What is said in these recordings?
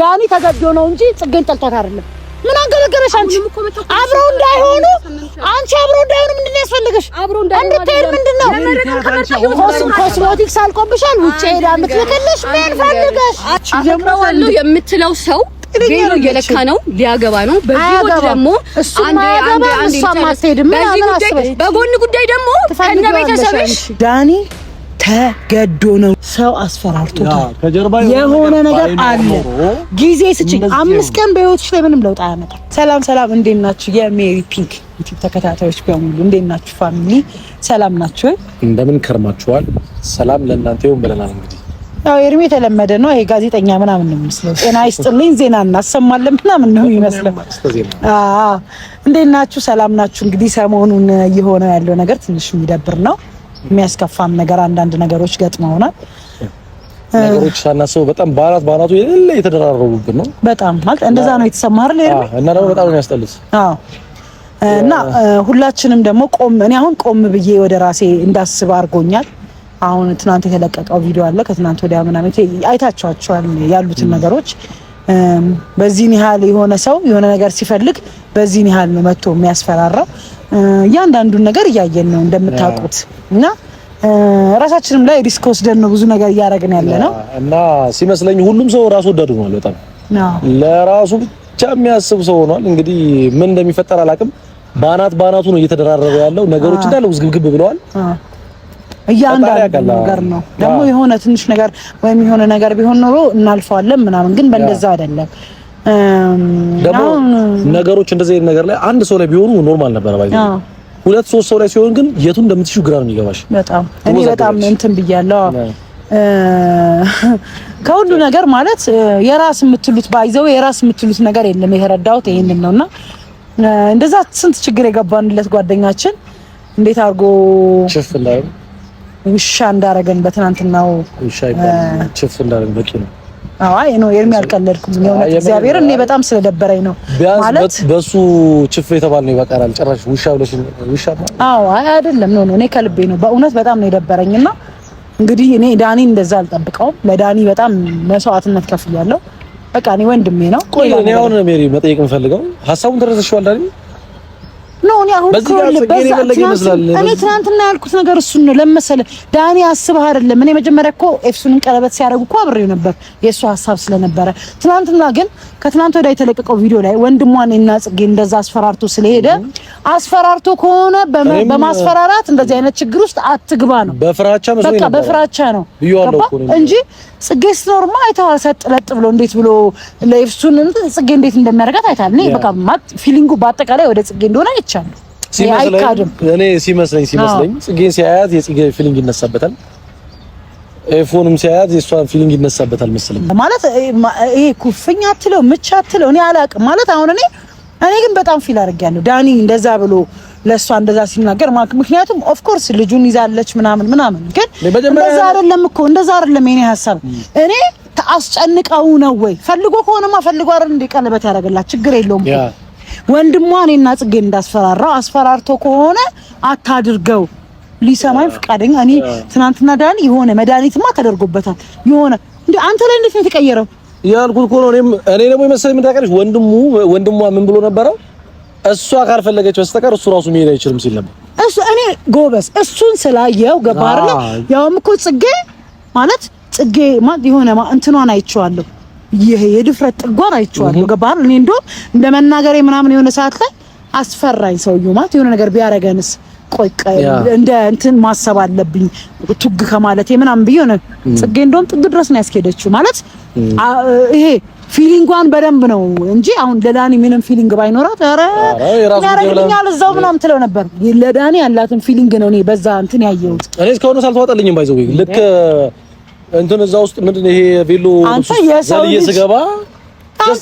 ዳኒ ተገዶ ነው እንጂ ጽጌን ጠልቷት አይደለም። ምን አንገለገለሽ? አንቺ? አብረው እንዳይሆኑ አንቺ አብረው እንዳይሆኑ ምንድን ነው ያስፈልገሽ? እንድትሄድ ምንድን ነው ኮስሞቲክስ አልቆብሻል። ውጭ ሄዳ የምትልክልሽ ምን ፈልገሽ? አፈቅረዋለሁ የምትለው ሰው ቤሉ እየለካ ነው ሊያገባ ነው። በዚህ ወጥ ደግሞ አንዴ አንዴ አንዴ በጎን ጉዳይ ደግሞ ከነ ቤተሰብሽ ዳኒ ተገዶ ነው። ሰው አስፈራርቶታል። የሆነ ነገር አለ። ጊዜ ስጭኝ። አምስት ቀን በህይወትሽ ላይ ምንም ለውጥ አያመጣም። ሰላም ሰላም፣ እንዴት ናችሁ? የሜሪ ፒንክ ዩቲዩብ ተከታታዮች በሙሉ እንዴት ናችሁ? ፋሚሊ ሰላም ናችሁ? እንደምን ከርማችኋል? ሰላም ለእናንተ ይሁን ብለናል። እንግዲህ ያው የእድሜ የተለመደ ነው። ይሄ ጋዜጠኛ ምናምን ነው የሚመስለው። ጤና ይስጥልኝ ዜና እናሰማለን ምናምን ነው የሚመስለው። እንዴት ናችሁ? ሰላም ናችሁ? እንግዲህ ሰሞኑን እየሆነ ያለው ነገር ትንሽ የሚደብር ነው። የሚያስከፋን ነገር አንዳንድ ነገሮች ገጥመውናል። ነገሮች ሳናስበው በጣም በአራት በአናቱ የሌለ የተደራረቡብን ነው። በጣም ማለት እንደዛ ነው የተሰማህ አይደል? እና ደግሞ በጣም ነው አዎ እና ሁላችንም ደግሞ ቆም እኔ አሁን ቆም ብዬ ወደ ራሴ እንዳስብ አድርጎኛል። አሁን ትናንት የተለቀቀው ቪዲዮ አለ ከትናንት ወዲያ ምናምን አይታችኋቸዋል ያሉትን ነገሮች በዚህን ያህል የሆነ ሰው የሆነ ነገር ሲፈልግ በዚህን ያህል ነው መጥቶ የሚያስፈራራው። እያንዳንዱን ነገር እያየን ነው እንደምታውቁት እና ራሳችንም ላይ ሪስክ ወስደን ነው ብዙ ነገር እያደረግን ያለ ነው እና ሲመስለኝ ሁሉም ሰው ራሱ ወዳድ ሆኗል። በጣም ለራሱ ብቻ የሚያስብ ሰው ሆኗል። እንግዲህ ምን እንደሚፈጠር አላውቅም። በአናት በአናቱ ነው እየተደራረበ ያለው ነገሮች እንዳለ ውዝግብግብ ብለዋል። እያንዳንዱ ነገር ነው ደግሞ የሆነ ትንሽ ነገር ወይም የሆነ ነገር ቢሆን ኖሮ እናልፈዋለን ምናምን፣ ግን በእንደዛ አይደለም። ደግሞ ነገሮች እንደዚህ አይነት ነገር ላይ አንድ ሰው ላይ ቢሆኑ ኖርማል ነበር ሁለት ሶስት ሰው ላይ ሲሆን ግን የቱ እንደምትሹ ግራ ነው የሚገባሽ። በጣም እኔ በጣም እንትን ብያለሁ። ከሁሉ ነገር ማለት የራስ የምትሉት ባይዘው የራስ የምትሉት ነገር የለም። የተረዳሁት ይሄንን ነውና እንደዛ ስንት ችግር የገባንለት ጓደኛችን እንዴት አድርጎ ውሻ እንዳረገን በትናንትናው ውሻ ይባላል። ችፍ እንዳረገን በቂ ነው። አይ ነው ኤርሚ አልቀለድኩም። የሆነ እግዚአብሔር እኔ በጣም ስለደበረኝ ነው ማለት በሱ ችፍ የተባለ ነው ይበቃራል። ጭራሽ ውሻ ብለሽ ውሻ አዎ አይ አይደለም ነው ነው እኔ ከልቤ ነው። በእውነት በጣም ነው የደበረኝና እንግዲህ እኔ ዳኒ እንደዛ አልጠብቀውም። ለዳኒ በጣም መስዋዕትነት ከፍያለሁ። በቃ እኔ ወንድሜ ነው። ቆይ እኔ አሁን ሜሪ መጠየቅ የምፈልገው ሀሳቡን ተረዘሽዋል ዳኒ ነው እኔ አሁን እኔ ትናንትና ያልኩት ነገር እሱን ነው ለመሰለ ዳኒ አስበህ አይደለም። እኔ መጀመሪያ እኮ ኤፍሱንን ቀለበት ሲያደርጉ እኮ አብሬው ነበር የእሱ ሀሳብ ስለነበረ። ትናንትና ግን ከትናንት ወዲያ የተለቀቀው ቪዲዮ ላይ ወንድሟን እና ጽጌ እንደዛ አስፈራርቶ ስለሄደ አስፈራርቶ ከሆነ በማስፈራራት እንደዚህ አይነት ችግር ውስጥ አትግባ ነው በፍራቻ ነው በፍራቻ ነው እንጂ ጽጌ ስትኖርማ አይተሃል። ሰጥለጥ ብሎ እንዴት ብሎ ለኤፍሱን ጽጌ እንዴት እንደሚያደርጋት አይተሃል። እኔ በቃ ፊሊንጉ በአጠቃላይ ወደ ጽጌ እንደሆነ አይቻለሁ። ሲመስለኝ እኔ ሲመስለኝ ሲመስለኝ ጽጌን ሲያያት የጽጌ ፊሊንግ ይነሳበታል። ኤፎንም ሲያያት የእሷን ፊሊንግ ይነሳበታል መሰለኝ። ማለት ይሄ ኩፍኝ አትለው ምች አትለው እኔ አላውቅም። ማለት አሁን እኔ እኔ ግን በጣም ፊል አድርጌያለሁ ዳኒ እንደዛ ብሎ ለእሷ እንደዛ ሲናገር ማክ ምክንያቱም ኦፍኮርስ ልጁን ይዛለች ምናምን ምናምን፣ ግን እንደዛ አይደለም እኮ እንደዛ አይደለም። የኔ ሀሳብ እኔ አስጨንቀው ነው ወይ ፈልጎ ከሆነማ ፈልጎ አይደል እንደ ቀለበት ያደርግላት ችግር የለውም። ወንድሟ እኔና ጽጌን እንዳስፈራራው አስፈራርቶ ከሆነ አታድርገው። ሊሰማኝ ፍቃደኛ እኔ ትናንትና ዳኒ የሆነ መድኃኒትማ ተደርጎበታል የሆነ እንደ አንተ ላይ እንዴት ነው የተቀየረው? ያልኩት እኮ ነው። እኔ ደግሞ የመሰለኝ ምን ታውቂያለሽ፣ ወንድሙ ወንድሟ ምን ብሎ ነበረው እሷ ካልፈለገች በስተቀር እሱ ራሱ መሄድ አይችልም ሲል ነበር። እሱ እኔ ጎበዝ እሱን ስላየው ገባ ነው። ያውም እኮ ጽጌ ማለት ጽጌ ማለት የሆነ እንትኗን አይቼዋለሁ፣ ይሄ የድፍረት ጥጓን አይቼዋለሁ። ገባር እኔ እንደውም እንደ መናገሬ ምናምን የሆነ ሰዓት ላይ አስፈራኝ ሰውዬው። ማለት የሆነ ነገር ቢያደርገንስ ቆይቀ እንደ እንትን ማሰብ አለብኝ ቱግ ከማለት ምናምን ብዬ ሆነ ጽጌ እንደውም ጥግ ድረስ ነው ያስኬደችው ማለት ይሄ ፊሊንጓን በደንብ ነው እንጂ አሁን ለዳኒ ምንም ፊሊንግ ባይኖራት ኧረ ያረግልኛል እዛው ምናምን ትለው ነበር። ለዳኒ ያላትን ፊሊንግ ነው እኔ በዛ እንትን ያየሁት። እኔ እስካሁን ሳልተዋጠልኝም ባይዘው ልክ እንትን እዛ ውስጥ ምንድን ነው ይሄ ቬሎ ስገባ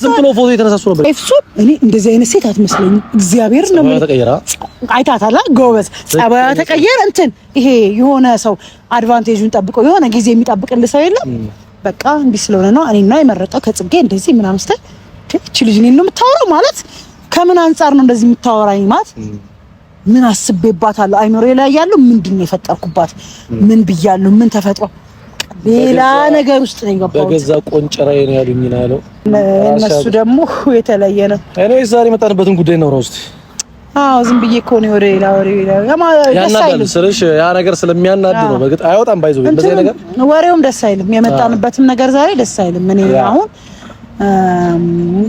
ዝም ብሎ ፎቶ የተነሳሱ ነበር። ኤፍሱን እኔ እንደዚህ አይነት ሴት አትመስለኝም። እግዚአብሔር ነው ተቀየራ አይታታላ ጎበዝ፣ ጸባያ ተቀየረ። እንትን ይሄ የሆነ ሰው አድቫንቴጁን ጠብቆ የሆነ ጊዜ የሚጠብቅልህ ሰው የለም በቃ እንዲህ ስለሆነ ነው እኔና የመረጠው ከጽጌ እንደዚህ ምናምን ስትል እቺ ልጅ እኔን ነው የምታወራው ማለት ከምን አንጻር ነው እንደዚህ የምታወራኝ ማለት ምን አስቤባታለሁ አይምሮ ላይ ያለው ምንድን ነው የፈጠርኩባት ምን ብያለሁ ምን ተፈጥሮ ሌላ ነገር ውስጥ ነው የገባሁት በገዛ ቆንጨራዬ ነው ያሉኝ ነው ያለው እነሱ ደግሞ የተለየ ነው እኔ ዛሬ የመጣንበትን ጉዳይ ነው አዎ ዝም ብዬ እኮ ነው ወሬ ሌላ ወሬ ያናዳል ስልሽ ያ ነገር ስለሚያናድ ነው። በግጥ አይወጣም ባይዘው እንደዚህ ነገር ወሬውም ደስ አይልም። የመጣንበትም ነገር ዛሬ ደስ አይልም። እኔ አሁን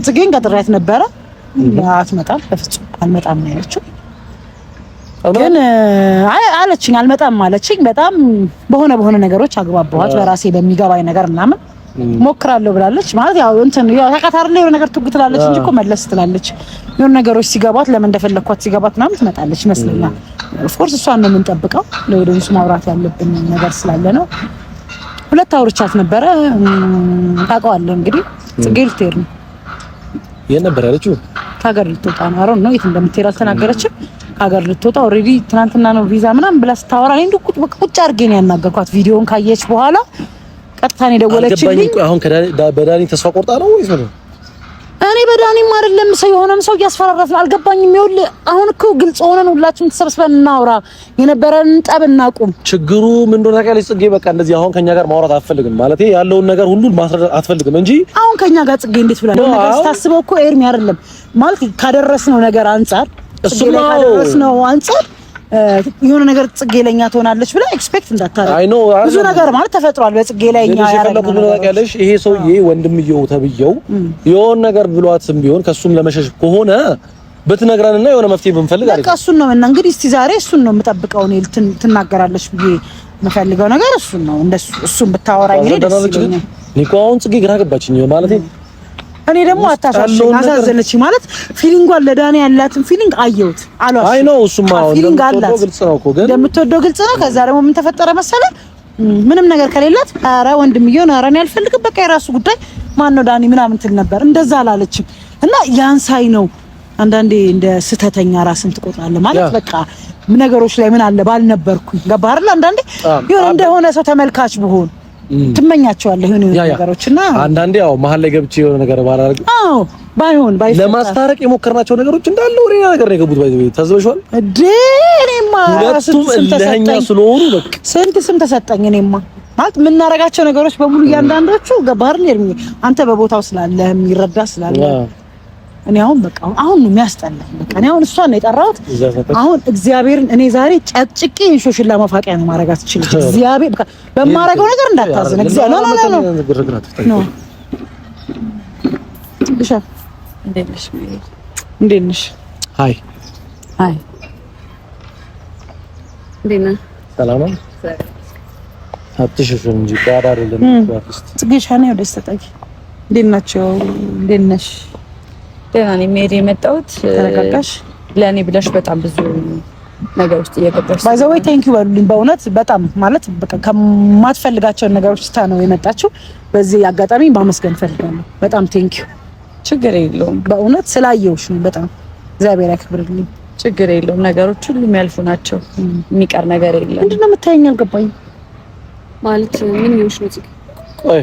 ጽጌን ቀጥሬያት ነበረ። አትመጣም፣ በፍጹም አልመጣም ነው ያለችው። ግን አይ አለችኝ፣ አልመጣም አለችኝ። በጣም በሆነ በሆነ ነገሮች አግባባኋት በራሴ በሚገባኝ ነገር ምናምን ሞክራለሁ ብላለች። ማለት ያው እንትን ያው ተቀታርለ የሆነ ነገር ትጉ ትላለች እንጂ እኮ መለስ ትላለች። የሆነ ነገሮች ሲገባት ለምን እንደፈለኳት ሲገባት ምናምን ትመጣለች ይመስለኛል። ኦፍኮርስ እሷን ነው የምንጠብቀው። ለወደንሱ ማውራት ያለብን ነገር ስላለ ነው። ሁለት አውርቻት ነበረ። ታውቀዋለህ እንግዲህ ጽጌ ልትሄድ ነው የት ነበር ያለችው? ከሀገር ልትወጣ ነው። አሮን ነው የት እንደምትሄድ አልተናገረችም። ከሀገር ልትወጣ ኦልሬዲ ትናንትና ነው ቪዛ ምናምን ብላ ስታወራ እኔ እንደው ቁጭ አድርጌ ነው ያናገርኳት ቪዲዮውን ካየች በኋላ ቀጥታ ነው የደወለችልኝ። አሁን በዳኒ ተስፋ ቆርጣ ነው ወይስ ምን? እኔ በዳኒም አይደለም ሰው የሆነም ሰው እያስፈራራት ነው። አልገባኝም። ይኸውልህ አሁን እኮ ግልጽ ሆነን ሁላችንም ተሰብስበን እናውራ፣ የነበረን ጠብ እናቁም። ችግሩ ምን እንደሆነ ታውቂያለሽ ጽጌ? በቃ እንደዚህ አሁን ከኛ ጋር ማውራት አትፈልግም ማለት ያለውን ነገር ሁሉ ማስረዳት አትፈልግም እንጂ አሁን ከኛ ጋር ጽጌ እንዴት ብላ ነው ነገር ስታስበው እኮ ኤርሚ አይደለም ማለት ካደረስነው ነገር አንጻር እሱ ነው ካደረስነው አንጻር የሆነ ነገር ጽጌ ለኛ ትሆናለች ብለህ ኤክስፔክት እንዳታረግ። ብዙ ነገር ማለት ተፈጥሯል በጽጌ ለኛ እኛ ያደረግነው ነገር ያለሽ ይሄ ሰውዬ ወንድምየው ተብየው የሆነ ነገር ብሏትም ቢሆን ከሱም ለመሸሽ ከሆነ ብትነግረንና የሆነ መፍትሄ ብንፈልግ አይደል? ነው። እሱን ነው እና እንግዲህ እስቲ ዛሬ እሱን ነው የምጠብቀው። እኔ ትናገራለች ብዬ የምፈልገው ነገር እሱን ነው። እንደሱ እሱን ብታወራኝ እኔ ደስ ይለኛል። እኔ እኮ አሁን ጽጌ ግራ ገባችኝ ማለት እኔ ደግሞ አታሳሽኝ አሳዘነች ማለት ፊሊንጓን ለዳኒ ያላትን ፊሊንግ አየሁት። አሏት አይ ነው እሱማ ፊሊንግ አላት እንደምትወደው ግልጽ ነው። ከዛ ደግሞ ምን ተፈጠረ መሰለ ምንም ነገር ከሌላት ኧረ ወንድምዬውን ኧረ እኔ አልፈልግም በቃ የራሱ ጉዳይ ማን ነው ዳኒ ምናምን ትል ነበር። እንደዛ አላለችም እና ያንሳይ ነው አንዳንዴ እንደ ስህተተኛ ራስን ትቆጥራለህ ማለት በቃ ነገሮች ላይ ምን አለ ባልነበርኩኝ ገባህ አይደል? አንዳንዴ የሆነ እንደሆነ ሰው ተመልካች ብሆን ትመኛቸዋለህ የሆነ ነገሮች እና አንዳንዴ ያው መሀል ላይ ገብቼ የሆነ ነገር ባላደርግ፣ አዎ ባይሆን ባይ ለማስታረቅ የሞከርናቸው ነገሮች እንዳለ ወደ ሌላ ነገር ነው የገቡት። ባይ ታዝበሽዋል። እኔማ ሁለቱም እንደኛ ስለሆኑ በቃ ስንት ስም ተሰጠኝ። እኔማ ማለት የምናረጋቸው ነገሮች በሙሉ እያንዳንዶቹ ገባህ አይደል? አንተ በቦታው ስላለ የሚረዳ ስላለ እኔ አሁን በቃ አሁን ነው የሚያስጠላኝ። በቃ እኔ አሁን እሷን ነው የጠራሁት። አሁን እግዚአብሔርን እኔ ዛሬ ጨጭቄ እንሾሽላ ማፋቂያ ነው ማረጋት እችል። እግዚአብሔር በቃ በማረገው ነገር እንዳታዘን። እግዚአብሔር ነው ነው ነው ግሻ እንዴት ነሽ? እንዴት ነሽ? ነው። አትሽሹ እንጂ እንዴት ናቸው? እንዴት ነሽ? ደህና ነኝ። መሄድ የመጣሁት ተረጋጋሽ። ለእኔ ብለሽ በጣም ብዙ ነገር ውስጥ እየገባሽ ባይ ዘ ወይ ቴንክ ዩ በሉልኝ። በእውነት በጣም ማለት ከማትፈልጋቸውን ነገሮች ስታ ነው የመጣችው። በዚህ አጋጣሚ ማመስገን ፈልጋለሁ። በጣም ቴንክ ዩ። ችግር የለውም በእውነት ስላየሁሽ ነው። በጣም እግዚአብሔር ያክብርልኝ። ችግር የለውም ነገሮች ሁሉ የሚያልፉ ናቸው። የሚቀር ነገር የለም። ምንድን ነው የምታየኝ? አልገባኝም ማለት ምን ይሁንሽ ነው? ቆይ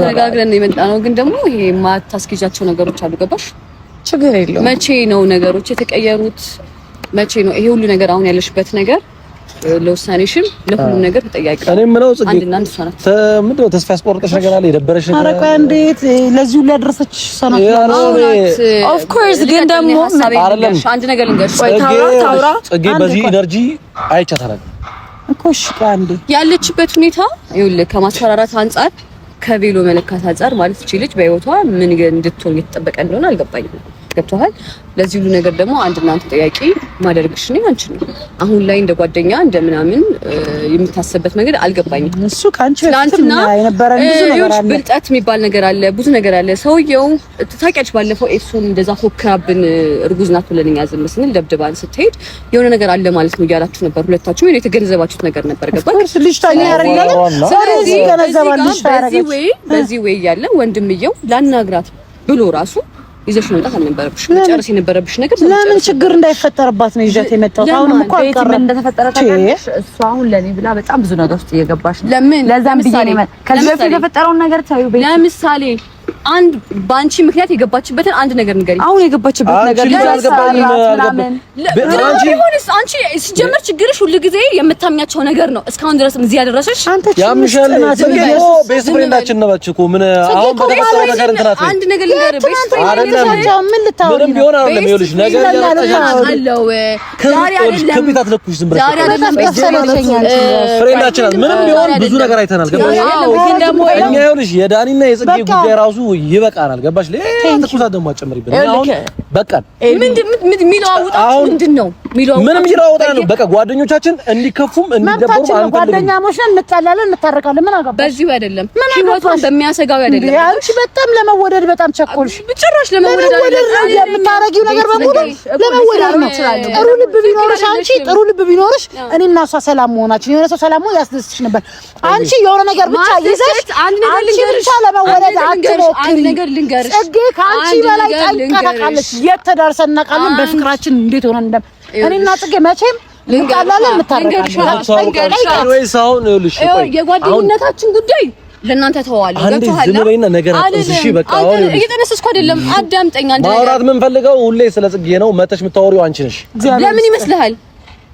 ተነጋግረን የመጣ ነው። ግን ደግሞ ይሄ የማታስኬጃቸው ነገሮች አሉ። ገባሽ? ችግር የለውም። መቼ ነው ነገሮች የተቀየሩት? መቼ ነው ይሄ ሁሉ ነገር አሁን ያለሽበት ነገር ለውሳኔሽም ለሁሉም ነገር ተጠያቂ እኔ ምነው ጽጌ ምንድነው ተስፋ ያስቆረጠሽ ነገር አለ የደበረሽ ነገር አረ እንዴት ለዚህ ሁሉ ያደረሰች ኦፍ ኮርስ ግን ደግሞ አይደለም አንድ ነገር ልንገርሽ ጽጌ በዚህ ኢነርጂ አይቻታለሁ እኮሽ እሺ፣ አንዴ ያለችበት ሁኔታ ይኸውልህ፣ ከማስፈራራት አንጻር ከቬሎ መለካት አንጻር ማለት ይችላል። በህይወቷ ምን እንድትሆን እየተጠበቀ እንደሆነ አልገባኝም። ገብቶሃል። ለዚህ ሁሉ ነገር ደግሞ አንድ እናንተ ጠያቂ ማደርግሽ እኔ አንቺ ነው። አሁን ላይ እንደ ጓደኛ እንደ ምናምን የምታስብበት መንገድ አልገባኝም። እሱ ከአንቺ ትላንትና ብልጠት የሚባል ነገር አለ፣ ብዙ ነገር አለ። ሰውየው ታውቂያለሽ፣ ባለፈው ኤፍሱን እንደዛ ፎክራብን እርጉዝ ናት ብለን እኛ ዝም ስንል ደብድባን ስትሄድ የሆነ ነገር አለ ማለት ነው እያላችሁ ነበር ሁለታችሁ። ወይ የተገንዘባችሁት ነገር ነበር ገባሽ? ልጅ ታኛ ያረጋለ ስለዚህ በዚህ ወይ እያለ ወንድምየው ላናግራት ብሎ ራሱ ይዘሽ መምጣት አልነበረብሽ። መጨረስ የነበረብሽ ነገር ለምን ችግር እንዳይፈጠርባት ነው ይዣት የመጣሁት። አሁንም እኮ አልቀረም እንደተፈጠረ ታውቂያለሽ። እሱ አሁን ለኔ ብላ በጣም ብዙ ነገር ውስጥ እየገባሽ ነው። ለምን ለዛም ብዬሽ ነው። ከዚህ በፊት የተፈጠረውን ነገር ታዩ። ለምሳሌ አንድ በአንቺ ምክንያት የገባችበትን አንድ ነገር ንገሪኝ። አሁን የገባችበት ነገር አንቺ ሲጀመር ችግርሽ ሁሉ ጊዜ የምታምኛቸው ነገር ነው። እስካሁን ድረስም እዚህ ያደረሰሽ ያምሻል። ቤስት ፍሬንዳችን ነች እኮ ምን አሁን በተፈጠረው ነገር እንትን አትበይ። አንድ ነገር ንገሪኝ። ቤስት ፍሬንድ ቢሆን አይደለም ይኸውልሽ ነገር ያለው ዛሬ አይደለም ዛሬ አይደለም ቤስት ፍሬንዳችን ምንም ቢሆን ብዙ ነገር አይተናል። ገባሽ? እኛ ይኸውልሽ የዳኒና የጽጌ ጉዳይ ራሱ ብዙ ይበቃናል። ገባሽ? ሌላ ትኩሳት ደግሞ አጨምሪብን አሁን በቃ ምንም ይለዋውጣ ነው። በቃ ጓደኞቻችን እንዲከፉም እንዲደበሩም አንተ ጓደኛሞች ነን፣ እንጣላለን፣ እንታረቃለን። ምን አገባ? በዚሁ አይደለም ምን ህይወቷን በሚያሰጋው አይደለም። አንቺ በጣም ለመወደድ በጣም ቸኮልሽ። ጭራሽ ለመወደድ አይደለም የምታረጊው ነገር በሙሉ ለመወደድ ነው። ጥሩ ልብ ቢኖርሽ አንቺ ጥሩ ልብ ቢኖርሽ እኔና እሷ ሰላም መሆናችን የሆነ ሰው ሰላም መሆን ያስደስትሽ ነበር። አንቺ የሆነ ነገር ብቻ ይዘሽ አንቺ ብቻ ለመወደድ አንቺ ልንገርሽ፣ ጽጌ ከአንቺ በላይ ጠንቀቃለች። የት ተዳርሰን እናውቃለን? በፍቅራችን እንዴት ሆነን እንደም እኔና ጽጌ መቼም ልንቃላለን የጓደኝነታችን ጉዳይ ለእናንተ ተዋለሁ። ነገር በቃ አሁን እየተነሰስኩ አይደለም። አዳምጠኝ። ማውራት የምንፈልገው ሁሌ ስለ ጽጌ ነው። መተሽ የምታወሪው አንቺ ነሽ። ለምን ይመስልሃል?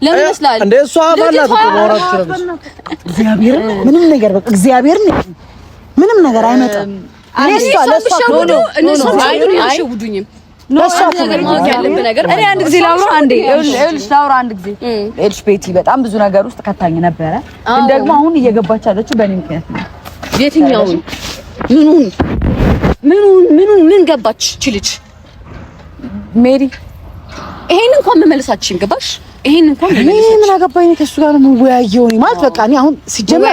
ለምን ይመስልሃል? እሷ ማውራት እግዚአብሔር ምንም ነገር በቃ እግዚአብሔር ምንም ነገር አይመጣም። እሷ ነው ነው እኔ አንድ ጊዜ ላውራ ጊዜ ይኸውልሽ፣ ቤቲ በጣም ብዙ ነገር ውስጥ ከታኝ ነበረ፣ ግን ደግሞ አሁን እየገባች ያለችው በእኔ ምክንያት ነው። የትኛውን ምኑን ምኑን ምኑን ምን ገባች ችልች ሜሪ፣ ይሄን እንኳን መመለሳችን ገባሽ ይሄን እንኳን ምን አገባኝ ከሱ ጋር ነው ወያየው ነው ማለት በቃ እኔ አሁን ሲጀመር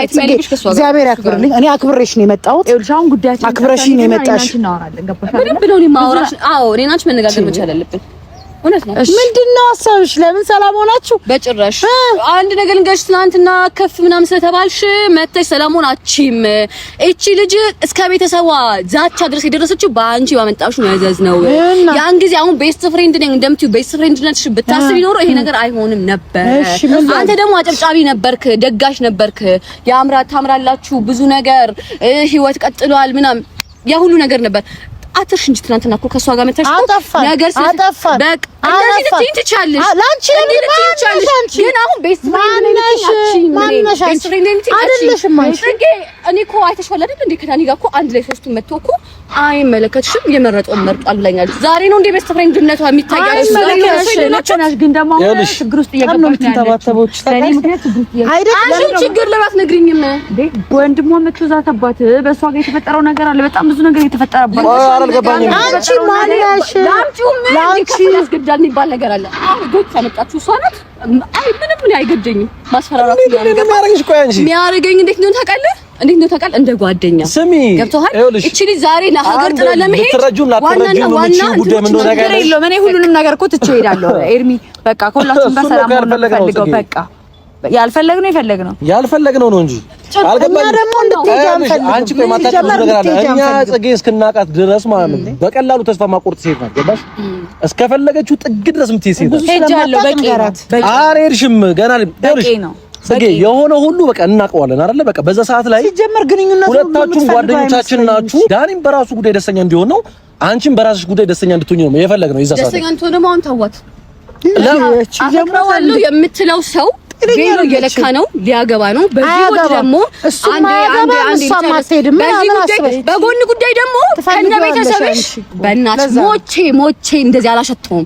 እግዚአብሔር ያክብርልኝ። እኔ አክብሬሽ ነው የመጣሁት። ይኸውልሽ አሁን ጉዳያችን አክብረሽ ነው የመጣሽ። በደንብ ነው እኔ ማውራሽ። አዎ እኔ ናችሁ መነጋገር መቻል አለብን። እውነት ነው። ምንድን ነው ሀሳብሽ? ለምን ሰላም ሆናችሁ? በጭራሽ አንድ ነገር ልንገርሽ፣ ትናንትና ከፍ ምናምን ስለተባልሽ መተሽ ሰላም ሆናችም። እቺ ልጅ እስከ ቤተሰቧ ዛቻ ድረስ የደረሰችው በአንቺ ባመጣሹ መዘዝ ነው። ያን ጊዜ አሁን ቤስት ፍሬንድ ነኝ እንደምትዩ ቤስት ፍሬንድ ነሽ ብታስቢ ኖሮ ይሄ ነገር አይሆንም ነበር። አንተ ደግሞ አጨብጫቢ ነበርክ፣ ደጋሽ ነበርክ። ያምራ ታምራላችሁ፣ ብዙ ነገር ህይወት ቀጥሏል ምናምን ያ ሁሉ ነገር ነበር አትርሽ እንጂ ትናንትና እኮ ከሷ ጋር መተሽ ነገር ስለበቅ እንደዚህ ልትይኝ ትቻለሽ። ግን አሁን ቤት አንድ ላይ ሶስቱ መጥቶ እኮ አይመለከትሽም የመረጠውን መርጧል ዛሬ ነው እንደ ቤስት ፍሬንድነቷ የተፈጠረው ነገር አለ። በጣም ብዙ ነገር የተፈጠረባት አንቺ ምንም አይገደኝም ማስፈራራት የሚያደርግሽ እኮ ያንቺ የሚያደርገኝ እንዴት ነው ታውቃለህ? እንዴት ነው ታውቃለህ? እንደ ጓደኛ ስሚ፣ ገብቶሃል? እቺ ልጅ ዛሬ ለሀገር ጥላ ለመሄድ ልትረጁም ላትረጁም እቺ ጉዳይ ምን እንደሆነ ነገር የለውም። እኔ ሁሉንም ነገር እኮ ትቼ እሄዳለሁ። ኤርሚ በቃ ከሁላችሁም በሰላም ነው የምፈልገው። በቃ ያልፈለግነው የፈለግነው ያልፈለግነው ነው እንጂ አልገባኝም። ደግሞ እንድትሄጂ አንቺ ቆይ ማታችሁ ነገር አለ። እኛ ጽጌ እስክናቃት ድረስ ማለት ነው በቀላሉ ተስፋ ማቆርጥ ሴት ናት። ገባሽ? እስከፈለገችው ጥግ ድረስ የምትሄድ ሴት ነው። ሄጃለሁ። በቂ አልሄድሽም ገና ነው ፅጌ የሆነ ሁሉ በቃ እናውቀዋለን አይደለ? በቃ በዛ ሰዓት ላይ ሲጀመር ግንኙነት ሁለታችሁም ጓደኞቻችን ናችሁ። ዳኒም በራሱ ጉዳይ ደስተኛ እንዲሆን ነው፣ አንቺም በራስሽ ጉዳይ ደስተኛ እንድትሆኝ ነው የፈለግነው። ይዛ ሰዓት ደስተኛ እንድትሆን ነው። አሁን ተዋት። አፈቅረዋለሁ የምትለው ሰው ግን የለካ ነው፣ ሊያገባ ነው። በዚህ ጉዳይ ደግሞ በጎን ጉዳይ ደግሞ ከነ ቤተሰብሽ በእናትሽ ሞቼ ሞቼ እንደዚህ አላሸጥተውም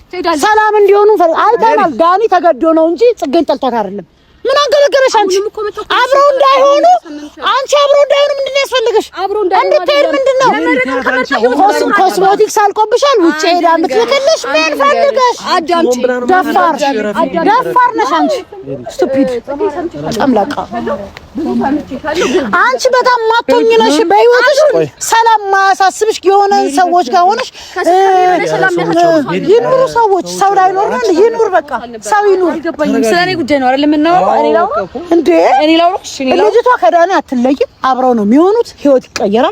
ሰላም እንዲሆኑ አይተናል። ዳኒ ተገዶ ነው እንጂ ጽጌን ጠልቷት አይደለም። ምን አገለገለሽ አንቺ? አብረው እንዳይሆኑ አንቺ አብረው እንዳይሆኑ ምንድን ነው ያስፈልግሽ? እንድትሄድ ምንድን ነው ኮስሞቲክስ አልቆብሻል። ውጭ ሄዳ የምትልክልሽ ምን ፈልገሽ? ደፋር ደፋር ነሽ አንቺ፣ ስቱፒድ ጨምላቃ አንቺ በጣም ማቶኝ ነሽ። በህይወትሽ ሰላም ማያሳስብሽ የሆነን ሰዎች ጋር ሆነሽ ይኑሩ ሰዎች። ሰው ላይ ኖር ነው ይኑር፣ በቃ ሰው ይኑር። ስለኔ ጉዳይ ነው አይደል የምናወራው? እንዴ እኔ ላውራሽ። ልጅቷ ከዳኔ አትለይም፣ አብረው ነው የሚሆኑት። ህይወት ይቀየራል።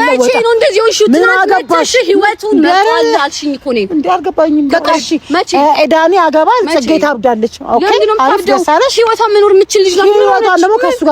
መቼ ነው እንደዚህ እንዴ? አገባል? ጽጌ ታብዳለች። ኦኬ፣ አሪፍ ደሳለሽ። ህይወቷ መኖር የምችል ልጅ ነው። ደግሞ ከሱ ጋር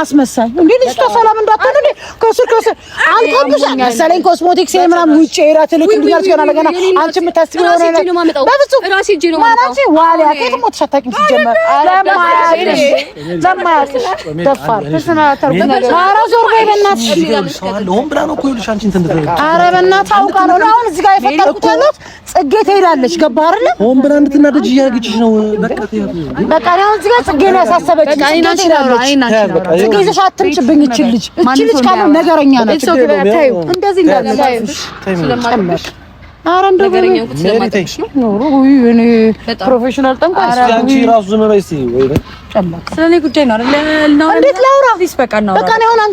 አስመሳይ እንዴ ልጅቷ ሰላም እንዳትሆን እንዴ ከስር ከስር አልቆብሽ መሰለኝ ኮስሞቲክስ ምናምን ውጭ ራ ትልቅ እንዲያርስ ገና ለገና አንቺ የምታስቢው ሆነ ነገር በፍጹም ራሴ እጄ ነው ማለቴ ዋሊያ ከየት ሞትሽ አታውቂም። ሲጀመር ለማያውቅሽ ለማያውቅሽ ደፋር ተሰናተር ኧረ ዞር በይ በእናትሽ ሆን ብላ ነው እኮ ይኸውልሽ አንቺ እንትን ኧረ በእናትህ አውቃ ነው አሁን እዚህ ጋር የፈጠርኩት ያለሁት ጽጌ ትሄዳለች። ገባህ አይደለ ሆን ብላ እንድትናደጅ እያደረገችሽ ነው። በቃ በቃ አሁን እዚህ ጋር ጽጌ ነው ያሳሰበችኝ። ጽጌ ትሄዳለች እጅ ይዘሽ አትምጭብኝ። እቺ ልጅ እቺ ልጅ ካለም ነገረኛ እኔ ፕሮፌሽናል ጠንቋይ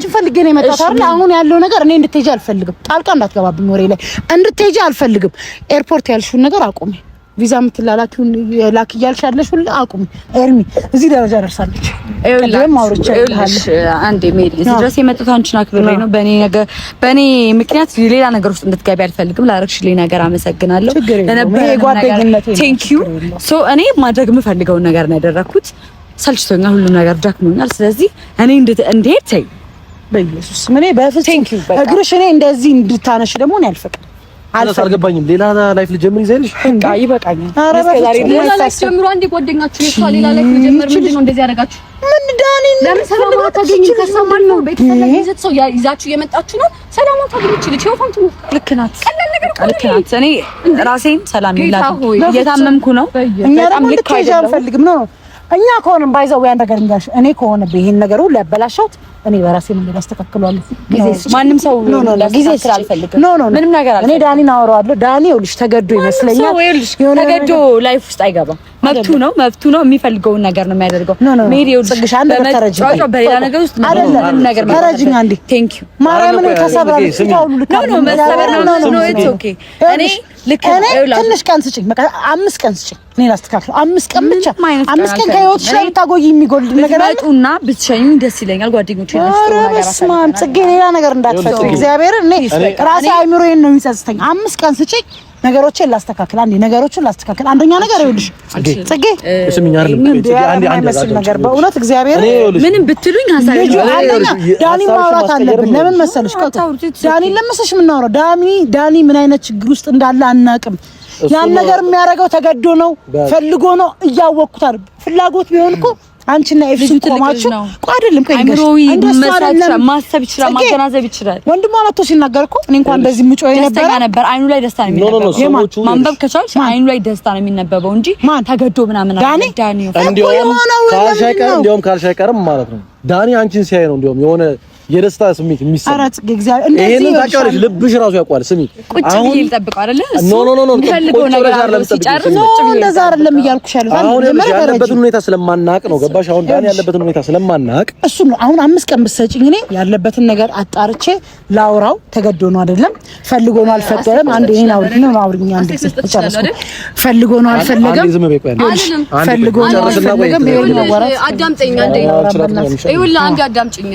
ስለኔ ጉዳይ አሁን ያለው ነገር እኔ እንድትሄጂ አልፈልግም። ጣልቃ እንዳትገባብኝ ወሬ ላይ እንድትሄጂ አልፈልግም። ኤርፖርት ያልሽውን ነገር አቁሜ ቪዛ የምትላላኪውን ላክ እያልሽ ሁሉ አቁሚ። ኤርሚ እዚህ ደረጃ ደርሳለች። አንዴ ሜሪ እዚህ ድረስ የመጣሁት አንቺን አክብሬ ነው። በእኔ ምክንያት ሌላ ነገር ውስጥ እንድትገቢ አልፈልግም። ላደረግሽልኝ ነገር አመሰግናለሁ። ዩ ሶ እኔ ማድረግ የምፈልገውን ነገር ነው ያደረግኩት። ሰልችቶኛል፣ ሁሉም ነገር ደክሞኛል። ስለዚህ እኔ እንድት እንድሄድ ተይ፣ በኢየሱስ ምን እግርሽ እኔ እንደዚህ እንድታነሽ ደግሞ እኔ አልፈቅድም። አልገባኝም። ሌላ ላይፍ ልጀምር ይዘልሽ እንዴ? ይበቃኛል። ሌላ ላይፍ ጀምሩ። አንዴ ጓደኛችሁ ሌላ ላይፍ ነው እንደዚህ ምን ሰላም ከሰማን ነው ቤተሰብ ይዘት ሰው ይዛችሁ የመጣችሁ ነው። ሰላም ይችላል። እኔ ራሴን ሰላም ነው። እኛ ልክ አንፈልግም ነው እኛ ከሆነም ባይዘው ያን ነገር እንዳሽ እኔ ከሆነ ይሄን ነገር ሁሉ ሊያበላሻት እኔ በራሴ ምን ላስተካክለዋለሁ። ማንም ሰው ኖ ኖ ጊዜ ስላልፈልግ ኖ ኖ ምንም ነገር አለ። እኔ ዳኒን አወራዋለሁ። ዳኒ ይኸውልሽ ተገዶ ይመስለኛል። ተገዶ ላይፍ ውስጥ አይገባም። መብቱ ነው፣ መብቱ ነው። የሚፈልገውን ነገር ነው የሚያደርገው። ኖ ኖ ሜሪ ይኸውልሽ አንድ ነገር ተረጅኝ፣ በሌላ ነገር ውስጥ አይደለም። ምንም ነገር ተረጅኝ። አንዴ ቴንክ ዩ ማርያምን ተሰብራለች። ኖ ልካ ነው ነው ኖ ኢትስ ኦኬ እኔ ትንሽ ቀን ስጭኝ፣ አምስት ቀን ስጭኝ። እኔ ላስተካክለው። አምስት ቀን ብቻ፣ አምስት ቀን ከህይወትሽ ላይ ብታጎይ የሚጎል ነገር አለ እና ብትሸኙኝ ደስ ይለኛል። ጓደኞቼ ስማም፣ ጽጌ ሌላ ነገር እንዳትፈጥሪ እግዚአብሔርን። እኔ ራሴ አይምሮዬን ነው የሚጸጽተኝ። አምስት ቀን ስጭኝ ነገሮችን ላስተካክል፣ አንዴ ነገሮችን ላስተካክል። አንደኛ ነገር ይኸውልሽ ጽጌ አይደለም ነገር በእውነት እግዚአብሔር ምንም ብትሉኝ ልጁ አንደኛ ዳኒ ማውራት አለብን። ለምን መሰለሽ ዳኒ ለመሰሽ የምናወራው ዳኒ ዳኒ ምን አይነት ችግር ውስጥ እንዳለ አናቅም። ያን ነገር የሚያደርገው ተገዶ ነው ፈልጎ ነው እያወቅኩታል። ፍላጎት ቢሆን እኮ አንቺና ኤፍሱን ቆማችሁ እኮ አይደለም ቆይ ማሰብ ይችላል፣ ማገናዘብ ይችላል። ወንድሟ መቶ ሲናገር እኮ እኔ እንኳን እንደዚህ የነበረ ነበር። አይኑ ላይ ደስታ ነው የሚነበበው። ማንበብ ከቻልሽ አይኑ ላይ ደስታ ነው የሚነበበው እንጂ ተገዶ ምናምን አይደል ዳኒ። እንደውም ካልሽ አይቀርም ማለት ነው ዳኒ አንቺን ሲያይ ነው እንደውም የሆነ የደስታ ስሜት የሚሰማ አራት እግዚአብሔር እንደዚህ ታውቂዋለሽ። ልብሽ ራሱ ያውቀዋል። ስሚ አይደለ? ኖ ኖ ኖ ኖ እንደዛ አይደለም አሁን ያለበትን ሁኔታ ስለማናቅ ነው። ገባሽ? አሁን ዳን ያለበትን ሁኔታ ስለማናቅ እሱ ነው። አሁን አምስት ቀን ብትሰጪኝ እኔ ያለበትን ነገር አጣርቼ ላውራው ተገዶ ነው አይደለም? ፈልጎ ነው አልፈጠረም። አንድ ይሄን አውሪ ነው አውሪኝ። አንድ ተጨረሰ። ፈልጎ ነው አልፈለገም። ፈልጎ ነው አልፈለገም። ይሄን ነው አዳምጪኝ። አንዴ አዳምጪኝ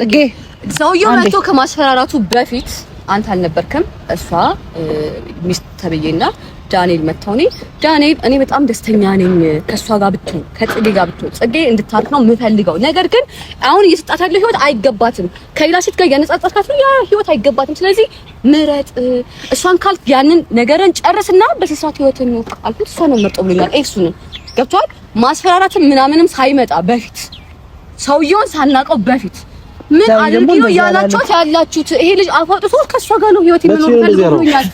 ጽጌ ሰውየው መቶ ከማስፈራራቱ በፊት አንተ አልነበርክም። እሷ ሚስት ተብዬና ዳንኤል መታው። እኔ ዳንኤል እኔ በጣም ደስተኛ ነኝ ከእሷ ጋር ብትሆን ከጽጌ ጋር ብትሆን፣ ጽጌ እንድታርቅ ነው የምፈልገው። ነገር ግን አሁን እየሰጣት ያለው ህይወት አይገባትም። ከሌላ ሴት ጋር እያነጻጸርካት ነው፣ ያ ህይወት አይገባትም። ስለዚህ ምረጥ። እሷን ካልክ ያንን ነገርን ጨርስና በስሳት ህይወት ነው አልኩት። እሷ ነው መርጦ ብሎኛል። እሱንም ገብቷል። ማስፈራራትን ምናምንም ሳይመጣ በፊት ሰውየውን ሳናውቀው በፊት ምን አድርጊ ነው ያላችሁት ያላችሁት? ይሄ ልጅ አፋጥቶ ከሷ ጋር ነው ህይወት ፈልጎኛል።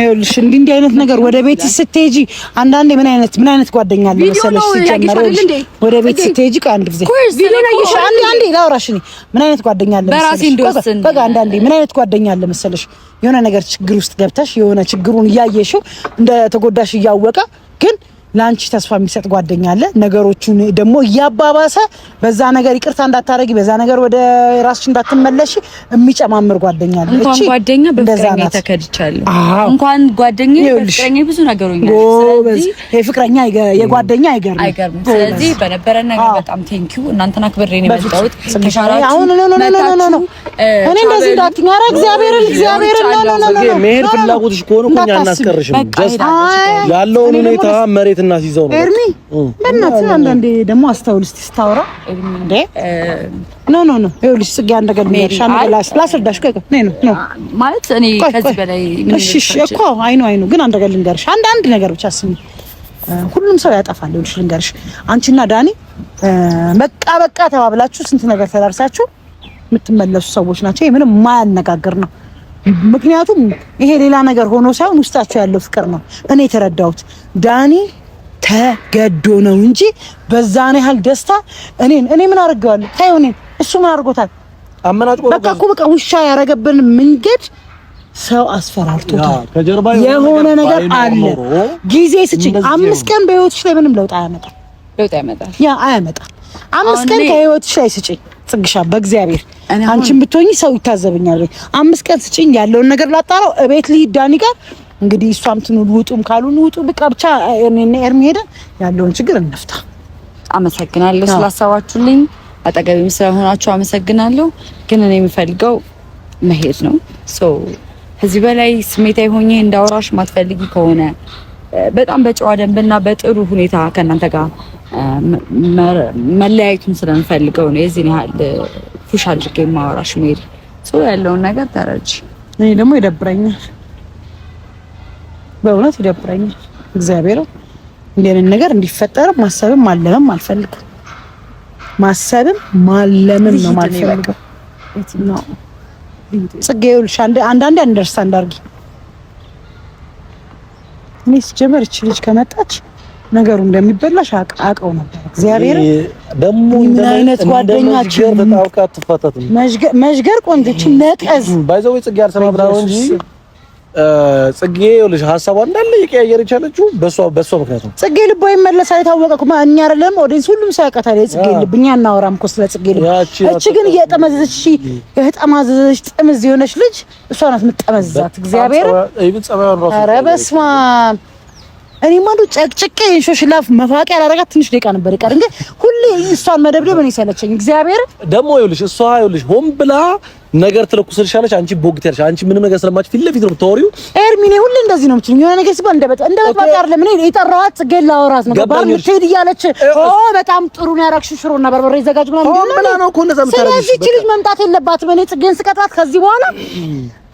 ይኸውልሽ እንዲህ እንዲህ አይነት ነገር ወደ ቤት ስትሄጂ አንዳንዴ ምን አይነት ምን አይነት ጓደኛ አለ መሰለሽ? ወደ ቤት ስትሄጂ ጊዜ አንዴ አንዴ ላውራሽ እኔ ምን አይነት ጓደኛ አለ መሰለሽ? በቃ አንዳንዴ ምን አይነት ጓደኛ አለ መሰለሽ? የሆነ ነገር ችግር ውስጥ ገብተሽ የሆነ ችግሩን እያየሽው እንደ ተጎዳሽ እያወቀ ግን ለአንቺ ተስፋ የሚሰጥ ጓደኛ አለ። ነገሮቹን ደግሞ እያባባሰ በዛ ነገር ይቅርታ እንዳታረጊ፣ በዛ ነገር ወደ ራስሽ እንዳትመለሽ የሚጨማምር ጓደኛ አለ። እቺ ጓደኛ በፍቅረኛ ተከድቻለሁ። እንኳን ጓደኛ ፍቅረኛ ብዙ ነገሮኛል። ስለዚህ የፍቅረኛ የጓደኛ አይገርም። ስለዚህ በነበረን ነገር በጣም ቴንኪው። እናንተን አክብሬ ነው የመጣሁት። አሁን እኔ እንደዚህ እንዳትኛ። ኧረ እግዚአብሔርን እግዚአብሔርን መሄድ ፍላጎትሽ ከሆነ እኮ እኛ እናስቀርሽም። ያለውን ሁኔታ መሬት እናት ይዘው ነው ኤርሚ። በእናትህ አንዳንዴ ደግሞ አስተውል እስኪ ስታወራ እንዴ ኖ ኖ ኖ ይኸውልሽ፣ ጽጌ አንድ ነገር ብዬሽ ላስረዳሽ። ቆይ ቆይ ነው ነው ማለት እኔ ከዚህ በላይ እሺ፣ እሺ እኮ አይኑ አይኑ ግን አንድ ነገር ልንገርሽ፣ አንድ አንድ ነገር ብቻ ስሚ። ሁሉም ሰው ያጠፋል። ይኸውልሽ ልንገርሽ፣ አንቺና ዳኒ በቃ በቃ ተባብላችሁ ስንት ነገር ተዳርሳችሁ የምትመለሱ ሰዎች ናቸው። ይሄ ምንም የማያነጋግር ነው። ምክንያቱም ይሄ ሌላ ነገር ሆኖ ሳይሆን ውስጣቸው ያለው ፍቅር ነው። እኔ የተረዳሁት ዳኒ ተገዶ ነው እንጂ በዛን ያህል ደስታ እኔን እኔ ምን አድርገዋለሁ? ታዩ እኔን እሱ ምን አድርጎታል? በቃ እኮ በቃ ውሻ ያረገብን መንገድ ሰው አስፈራርቶታል። የሆነ ነገር አለ። ጊዜ ስጭኝ። አምስት ቀን በህይወትሽ ላይ ምንም ለውጥ አያመጣም። ለውጥ ያመጣል፣ ያ አያመጣም። አምስት ቀን ከህይወትሽ ላይ ስጭኝ ጽግሻ በእግዚአብሔር አንቺን ብትሆኚ ሰው ይታዘብኛል። አምስት ቀን ስጭኝ፣ ያለውን ነገር ላጣራው። እቤት ልሂድ ዳኒ ጋር እንግዲህ እሷም ትኑር ውጡም ካሉን ውጡ። በቃ ብቻ እኔና ኤርሚ ሄደን ያለውን ችግር እንፍታ። አመሰግናለሁ ስላሰባችሁልኝ፣ አጠገቢም ስለሆናችሁ አመሰግናለሁ። ግን እኔ የምፈልገው መሄድ ነው። ሶ ከዚህ በላይ ስሜታዊ ሆኜ እንዳወራሽ ማትፈልጊ ከሆነ በጣም በጨዋ ደንብና በጥሩ ሁኔታ ከእናንተ ጋር መለያየቱን ስለምፈልገው ነው የዚህን ያህል ፉሽ አድርጌ ማወራሽ። መሄድ ያለውን ነገር ተረጅ። እኔ ደግሞ ይደብረኛል። በእውነት ይደብረኛል። እግዚአብሔር እንዲህን ነገር እንዲፈጠርም ማሰብም ማለምም አልፈልግም። ማሰብም ማለምም ነው ማልፈልግም። ጽጌ ይኸውልሽ፣ አንዳንዴ አንደርስታንድ አድርጊ። እኔ ስጀምር ይህች ልጅ ከመጣች ነገሩ እንደሚበላሽ አውቀው ነበር። እግዚአብሔር ደግሞ ምን አይነት ጓደኛችን መሽገር ቆንጆችን ነቀዝ ባይዘው ጽጌ ያልሰማ ብላ እንጂ ጽጌ ልጅ ሀሳቧ እንዳለ የቀያየር ይቻለችው በሷ በሷ ምክንያት ነው። ጽጌ ልቧ ይመለስ አይታወቀ ኩማ እኛ አይደለም ኦዲንስ ሁሉም ሳይቀታል የጽጌ ልብ እኛ እናወራም እኮ ስለ ጽጌ ልብ። እቺ ግን የጠመዘዘች የጠማዘዘች ጥምዝ የሆነች ልጅ እሷ ናት የምትጠመዝዛት። እግዚአብሔር ይብን ጸባዩን ራሱ ኧረ በስመ አብ እኔ ማዶ ጨቅጭቄ ሾሽላፍ መፋቂ ያላረጋት ትንሽ ደቂቃ ነበር ይቀር እንጂ ሁሌ እሷን መደብደብ እኔ ሰለቸኝ። እግዚአብሔር ደግሞ ይኸውልሽ እሷ ይኸውልሽ ሆን ብላ ነገር ትለኩስልሻለች። አንቺ ቦግ ትያለሽ። አንቺ ምንም ነገር ስለማች ፊት ለፊት ነው የምታወሪው። ኤርሚኔ ሁሌ እንደዚህ ነው የምችል የሆነ ነገር ሲባል እንደበት እንደበት ማጣር ለምን የጠራኋት ጽጌን ላወራት ነው ባር ምትሄድ እያለች ኦ በጣም ጥሩ ነው ሽሮ እና በርበሬ ይዘጋጅ ምናምን ብላ ነው እኮ እንደዛ የምታረግሽ። ስለዚህ እቺ ልጅ መምጣት የለባትም። እኔ ጽጌን ስቀጣት ከዚህ በኋላ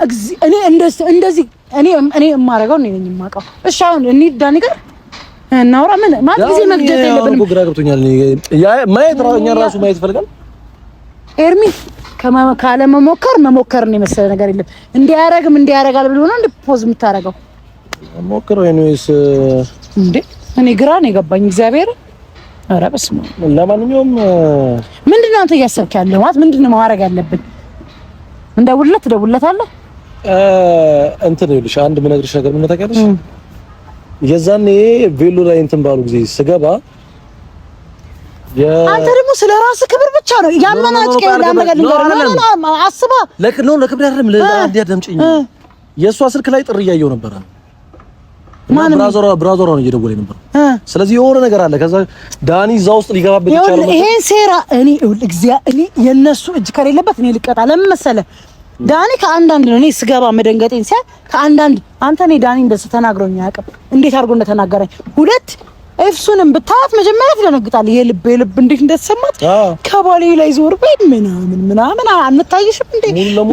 እግዚ እኔ እንደዚህ እንደዚህ እኔ እኔ የማደርገው እኔ ነኝ የማውቀው። እሺ አሁን እንሂድ ዳኒ ጋር እናውራ። ምን ማለት ጊዜ መግደት የለብንም። ግራ ገብቶኛል። ያ ማየት ራሱ ማየት ይፈልጋል ኤርሚ ካለመሞከር ነው የመሰለ ነገር የለም። እንዲያረግም እንዲያረጋል ብሎ ነው ፖዝ የምታረገው። ሞክር ወይስ እንዴ? እኔ ግራ ነው የገባኝ። እግዚአብሔር ኧረ በስመ አብ። ለማንኛውም ምንድን ነው አንተ እያሰብክ ያለው ማለት ምንድን ነው ማድረግ ያለብን? እንደውልለት ትደውልለታለህ እንትን ይኸውልሽ፣ አንድ የምነግርሽ ነገር ምን ታውቂያለሽ? የዛኔ ቬሎ ላይ እንትን ባሉ ጊዜ ስገባ አንተ ደግሞ ስለ ራስህ ክብር ብቻ ነው ያመናጭ ነገር አስባ አይደለም። ለአንዴ አዳምጪኝ። የእሷ ስልክ ላይ ጥሪ እያየሁ ነበረ። ብራዘሯ ብራዘሯ ነው እየደወለኝ ነበር። ስለዚህ የሆነ ነገር አለ። ከዛ ዳኒ እዛ ውስጥ ሊገባበት ይችላል። ይሄን ሴራ እኔ እኔ የእነሱ እጅ ከሌለበት እኔ ልቀጣ። ለምን መሰለህ ዳኒ ከአንዳንድ ነው እኔ ስገባ መደንገጤን ሲያይ ከአንዳንድ አንተ እኔ ዳኒ እንደዚህ ተናግሮኝ አያውቅም። እንዴት አድርጎ እንደተናገረኝ ሁለት እሱንም ብታያት መጀመሪያ ትደነግጣለህ። የልብ የልብ እንዴት እንደተሰማት ከባሌ ላይ ዞር በይ ምናምን ምናምን አንታይሽም እንዴ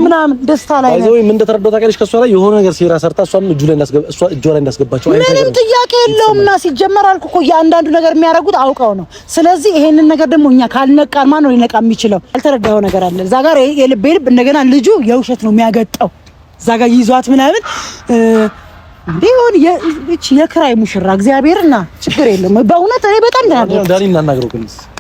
ምናምን ደስታ ላይ ነው። ወይ ምን እንደተረዳሁ ታውቂያለሽ? ከሷ ላይ የሆነ ነገር ሴራ ሰርታ እሷም እጁ ላይ እሷ እጇ ላይ እንዳስገባቸው ምንም ጥያቄ የለውምና ሲጀመር አልኩ እኮ የአንዳንዱ ነገር የሚያደርጉት አውቀው ነው። ስለዚህ ይሄንን ነገር ደግሞ እኛ ካልነቃን ማን ነው ሊነቃ የሚችለው? ያልተረዳኸው ነገር አለ እዛ ጋር የልብ የልብ እንደገና ልጁ የውሸት ነው የሚያገጠው እዛ ጋር ይዟት ምናምን ቢሆን የክራይ ሙሽራ እግዚአብሔርና ችግር የለም። በእውነት እኔ በጣም ተናግረው ዳኒ እናናግረው